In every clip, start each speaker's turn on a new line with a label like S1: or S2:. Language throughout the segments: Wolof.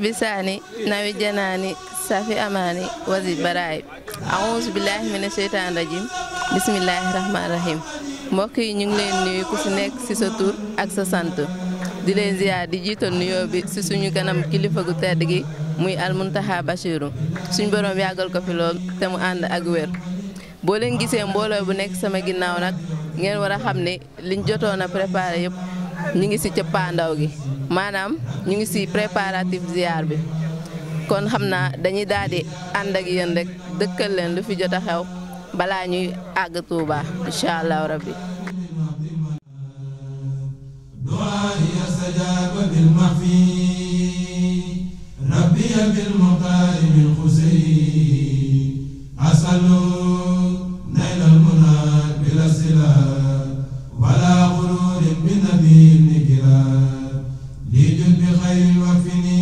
S1: lisaani nawi janaani safi amaani wasi baraay a'uuzu billaahi mina sheytaani rajiim bisimilahi rahmaani rahim mbokk yi ñu ngi leen nuyu ku si nekk si sa tur ak sa sant di leen ziar di jiital nuyoo bi si suñu kanam kilifa gu terd gi muy almuntaha Bachiru suñu borom yàggal ko fi te mu ànd ak wér. boo leen gisee mbooloo bu nekk sama ginnaaw nag ngeen war a xam ne liñ jotoon a préparé yëpp ñu ngi si ca cëppaandaw gi maanaam ñu ngi si préparatif ziar bi kon xam naa dañuy daal di ànd ak yéen rek dëkkal leen lu fi jot a xew. balaa ñuy àgg Touba incha allahu rabbi
S2: wala xulurin bi nabiyin nikira li jul bi xayrin wa fini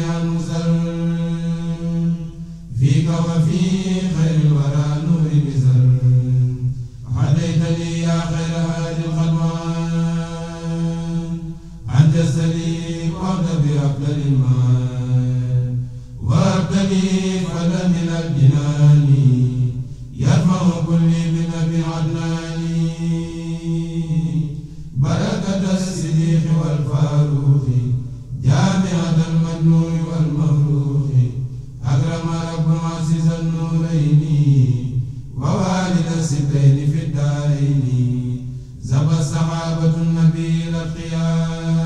S2: ñaan السدرين في الدارين زبى الصحابة النبي الخيار